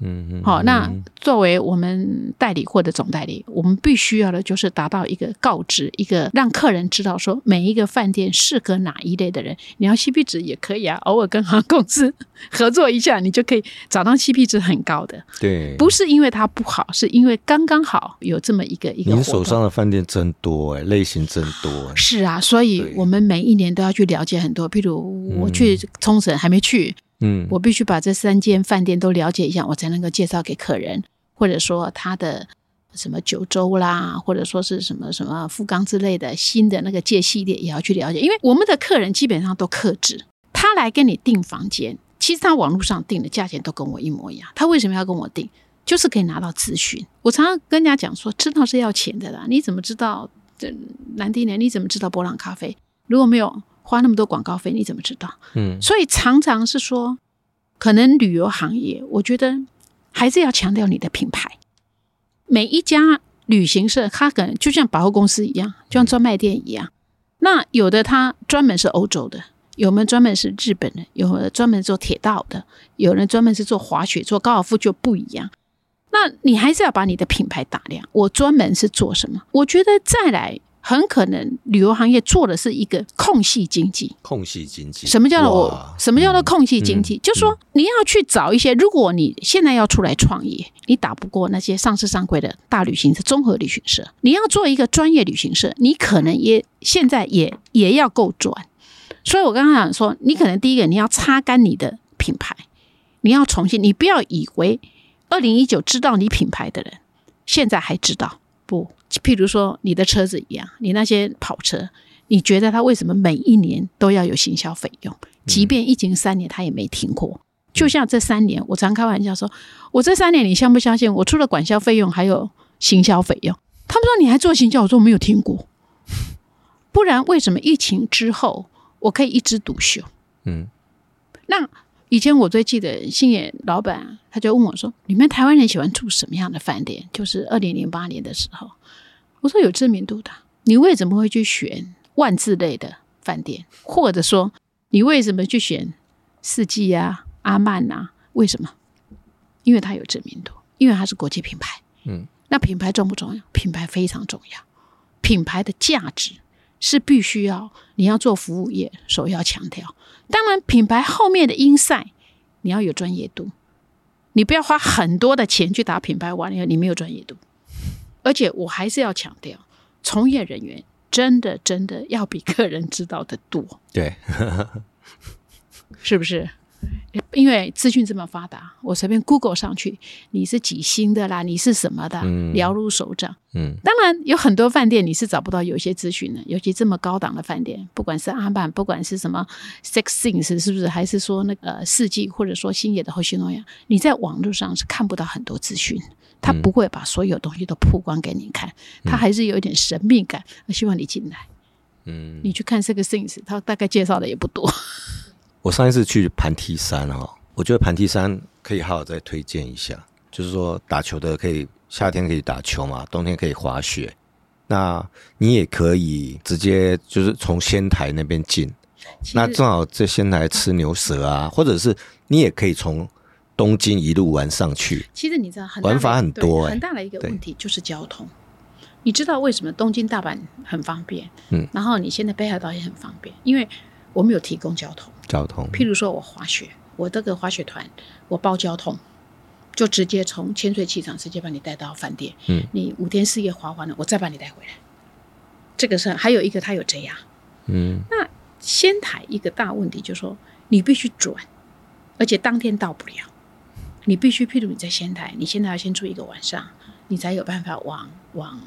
嗯，好、嗯哦。那作為我們代理或者總代理，我們必須要的就是達到一個告知，一個讓客人知道說每一個飯店適合哪一類的人。你要 CP 值也可以啊，偶爾跟航空公司合作一下，你就可以找到 CP 值很高的。對，不是因為它不好，是因為剛剛好有這麼一個一個。你手上的飯店真多哎、欸，類型真多、欸。是啊，所以我們每一年都要去了解很多。譬如我去沖繩、嗯、還沒去。嗯，我必須把這三間飯店都了解一下，我才能夠介紹給客人，或者說他的什麼九州啦，或者說是什麼什麼富岡之類的新的那個界系列也要去了解，因為我們的客人基本上都客製，他來跟你訂房間，其實他網絡上訂的價錢都跟我一模一樣，他為什麼要跟我訂？就是可以拿到諮詢。我常常跟人家講說，知道是要錢的啦，你怎麼知道？這、嗯、南丁呢？你怎麼知道波浪咖啡？如果沒有？花那麼多廣告費，你怎麼知道？嗯，所以常常是說，可能旅遊行業，我覺得還是要強調你的品牌。每一家旅行社，它可能就像百貨公司一樣，就像專賣店一樣。那有的他專門是歐洲的，有的專門是日本的，有的專門做鐵道的，有人專門是做滑雪、做高爾夫就不一樣。那你還是要把你的品牌打亮。我專門是做什麼？我覺得再來。很可能旅遊行業做的是一個空隙經濟，空隙經濟，什麼叫做我，什麼叫做空隙經濟？就是說你要去找一些，如果你現在要出來創業，你打不過那些上市上櫃的大旅行社、綜合旅行社，你要做一個專業旅行社，你可能也現在也也要夠賺。所以我剛剛講說，你可能第一個你要擦乾你的品牌，你要重新，你不要以為二零一九知道你品牌的人，現在還知道不？譬如說，你的車子一樣，你那些跑車，你覺得他為什麼每一年都要有行銷費用？即便疫情三年，他也沒停過。嗯。就像這三年，我常開玩笑說，我這三年，你相不相信？我除了管銷費用，還有行銷費用。他們說你還做行銷，我說我沒有停過。不然為什麼疫情之後，我可以一枝獨秀？嗯。那以前我最記得星野老闆，他就問我說：“你們台灣人喜歡住什麼樣的飯店？”就是二零零八年的時候。我說，有知名度的，你為什麼會去選萬字類的飯店？或者說，你為什麼去選四季呀、啊、阿曼吶、啊？為什麼？因為它有知名度，因為它是國際品牌。嗯，那品牌重不重要？品牌非常重要。品牌的價值是必須要，你要做服務業，首要強調。當然，品牌後面的 inside，你要有專業度。你不要花很多的錢去打品牌完了，你沒有專業度。而且我還是要強調，從業人員真的真的要比客人知道的多，對， 是不是？因為資訊這麼發達，我隨便 Google 上去，你是幾星的啦？你是什麼的？嗯，瞭如指掌。嗯，當然有很多飯店你是找不到有些資訊的，尤其這麼高檔的飯店，不管是阿曼，不管是什麼 Six Senses，是不是？還是說那個、呃、四季，或者說星野的虹夕諾雅，你在網絡上是看不到很多資訊，他不會把所有東西都曝光給你看，他、嗯、還是有一點神秘感，我希望你進來。嗯，你去看 Six Senses，他大概介紹的也不多。我上一次去磐梯山哦，我覺得磐梯山可以好好再推薦一下。就是說，打球的可以夏天可以打球嘛，冬天可以滑雪。那你也可以直接就是從仙台那邊進，那正好在仙台吃牛舌啊，啊，或者是你也可以從東京一路玩上去。其實你知道很，玩法很多、欸。很大的一個問題就是交通，你知道為什麼東京、大阪很方便？嗯，然後你現在北海道也很方便，因為我們有提供交通。交通，譬如說我滑雪，我這個滑雪團，我包交通，就直接從千歲機場直接把你帶到飯店。嗯，你五天四夜滑完了，我再把你帶回來。這個事還有一個他有這樣。嗯，那仙台一個大問題就是說你必須轉，而且當天到不了，你必須譬如你在仙台，你現在要先住一個晚上，你才有辦法往往，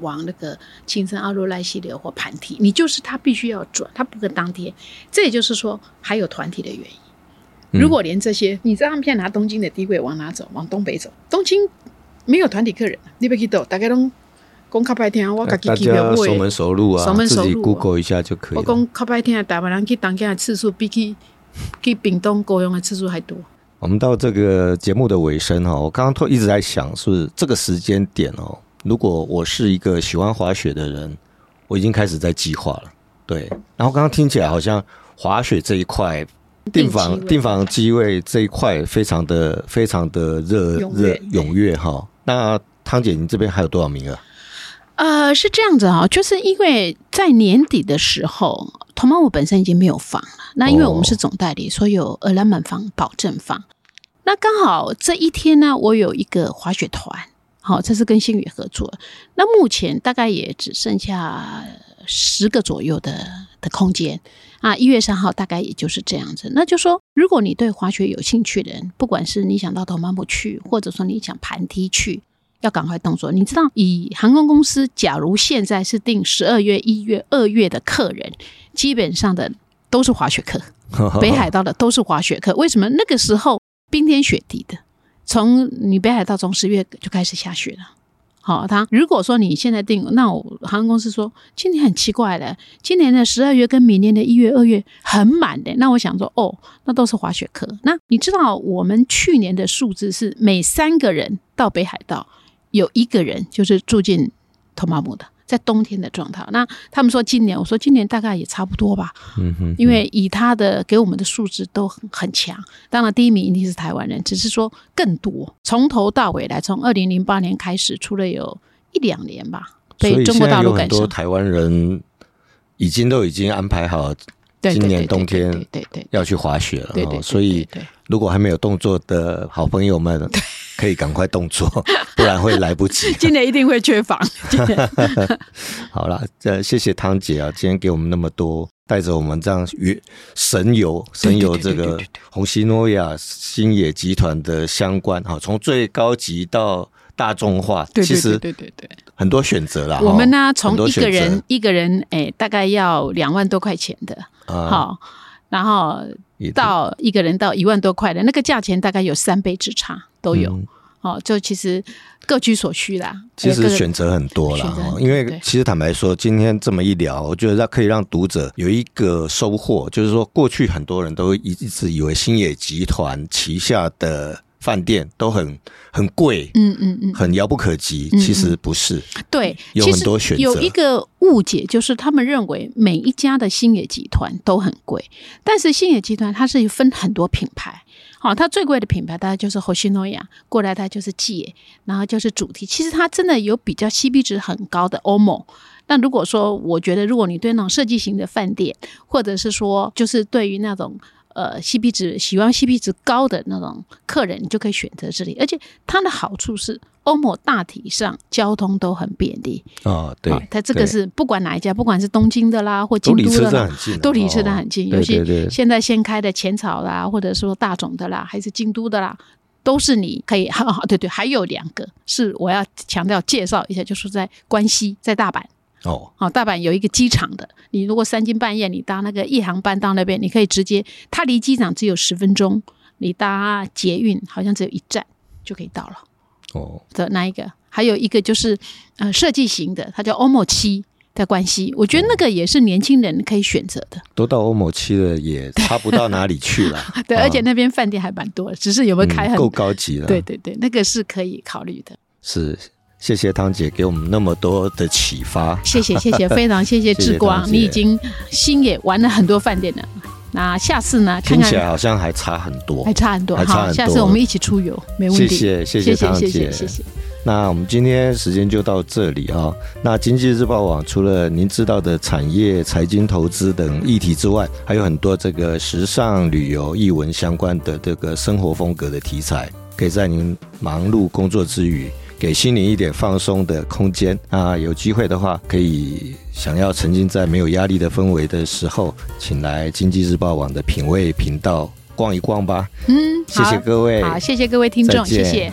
往那個青森、奧入瀨溪流或磐梯，你就是他必須要轉，他不可當天。這也就是說，還有團體的原因、嗯。如果連這些，你這樣現拿東京的低軌往哪走？往東北走？東京沒有團體客人，你別去逗。大概攏公卡拜天，我卡基沒有熟門熟路、啊、熟門熟路、啊。Google 一下就可以了。我公卡拜天，大部分去東京的次數比去 去屏東、高雄的次數還多。我們到這個節目的尾聲哈，我剛剛特一直在想，是這個時間點哦。如果我是一個喜歡滑雪的人，我已經開始在計劃了。對，然後剛剛聽起來好像滑雪這一塊，訂房訂房機位這一塊非常的非常的熱、熱踴躍哈。那湯姐，你這邊還有多少名額、啊？呃，是這樣子啊、哦，就是因為在年底的時候，湯媽我本身已經沒有房了。那因為我們是總代理，哦、所以有二兩滿房保證房。那剛好這一天呢，我有一個滑雪團。好，這是跟星宇合作。那目前大概也只剩下十個左右的的空間啊！一月三號大概也就是這樣子。那就說，如果你對滑雪有興趣的人，不管是你想到托馬姆去，或者說你想磐梯去，要趕快動作。你知道，以航空公司，假如現在是訂十二月、一月、二月的客人，基本上的都是滑雪客，北海道的都是滑雪客。為什麼那個時候冰天雪地的？從你北海道從十月就開始下雪了。好、哦，他如果說你現在訂，那我航空公司說今年很奇怪的，今年的十二月跟明年的一月、二月很滿的，那我想說哦，那都是滑雪客，那你知道我們去年的數字是每三個人到北海道有一個人就是住進托馬姆的。在冬天的狀態，那他們說今年，我說今年大概也差不多吧。嗯哼，哼，因為以他的給我們的數字都很很強。當然，第一名一定是台灣人，只是說更多。從頭到尾來，從二零零八年開始，除了有一兩年吧，對中國大陸感覺。所以現在有很多台灣人已經都已經安排好。今年冬天對對，要去滑雪了，所以如果還沒有動作的好朋友們，可以趕快動作，不 然會來不及。今年一定會缺房今天 好。好了，嗯，謝謝湯姐啊，今天給我們那麼多，帶着我們這樣神遊對對對對對對對對，神遊這個虹夕諾雅星野集團的相關，從最高級到大眾化，其實對對、對對對，很多選擇啦。我們呢，從一個人一個人哎，大概要兩萬多塊錢的。啊、好，然後到一個人到一萬多塊的那個價錢，大概有三倍之差都有、嗯。哦，就其實各取所需啦，其實選擇很多啦很多，因為其實坦白說，今天這麼一聊，我覺得可以讓讀者有一個收穫，就是說過去很多人都一一直以為星野集團旗下的。飯店都很很貴，嗯嗯嗯，很遙不可及。嗯嗯其實不是，對，有很多選擇。有一個誤解，就是他們認為每一家的星野集團都很貴，但是星野集團它是分很多品牌，好，它最貴的品牌大概就是 Hoshinoya，過來它就是界，然後就是主題。其實它真的有比較 C P 值很高的 OMO。但如果說，我覺得如果你對那種設計型的飯店，或者是說，就是對於那種。呃，CP 值喜歡 CP 值高的那種客人，你就可以選擇這裡。而且它的好處是，歐盟大體上交通都很便利啊、哦。對、哦，它這個是不管哪一家，不管是東京的啦，或京都的都離車站很近，很近、哦。尤其現在先開的錢草啦、哦，或者說大種的啦，還是京都的啦，對對對，都是你可以很好、哦。對對，還有兩個是我要強調介紹一下，就是在關西，在大阪。哦，好，大阪有一個機場的，你如果三更半夜你搭那個夜航班到那邊，你可以直接，它離機場只有十分鐘，你搭捷運好像只有一站就可以到了。哦，的那一個，還有一個就是呃設計型的，它叫 OMO7 的關係，我覺得那個也是年輕人可以選擇的。都到 OMO7 了，也差不到哪裡去了。對， 對，而且那邊飯店還蠻多，只是有沒有開很、嗯、夠高級了。對對對，那個是可以考慮的。是。謝謝湯姐給我們那麼多的啟發、啊。謝謝謝謝，非常謝謝志光謝謝，你已經星野玩了很多飯店了，那下次呢？聽起來好像還差很多，還差很多，還差很多。好，下次我們一起出遊，沒問題。謝謝謝謝謝謝，謝謝。那我們今天時間就到這裡啊、哦。那經濟日報網除了您知道的產業、財經、投資等議題之外，還有很多這個時尚、旅遊、藝文相關的這個生活風格的題材，可以在您忙碌工作之餘。給心靈一點放鬆的空間啊！有機會的話，可以想要沉浸在沒有壓力的氛圍的時候，請來《經濟日報網》的品味頻道逛一逛吧。嗯，謝謝各位，好，好，謝謝各位聽眾，謝謝。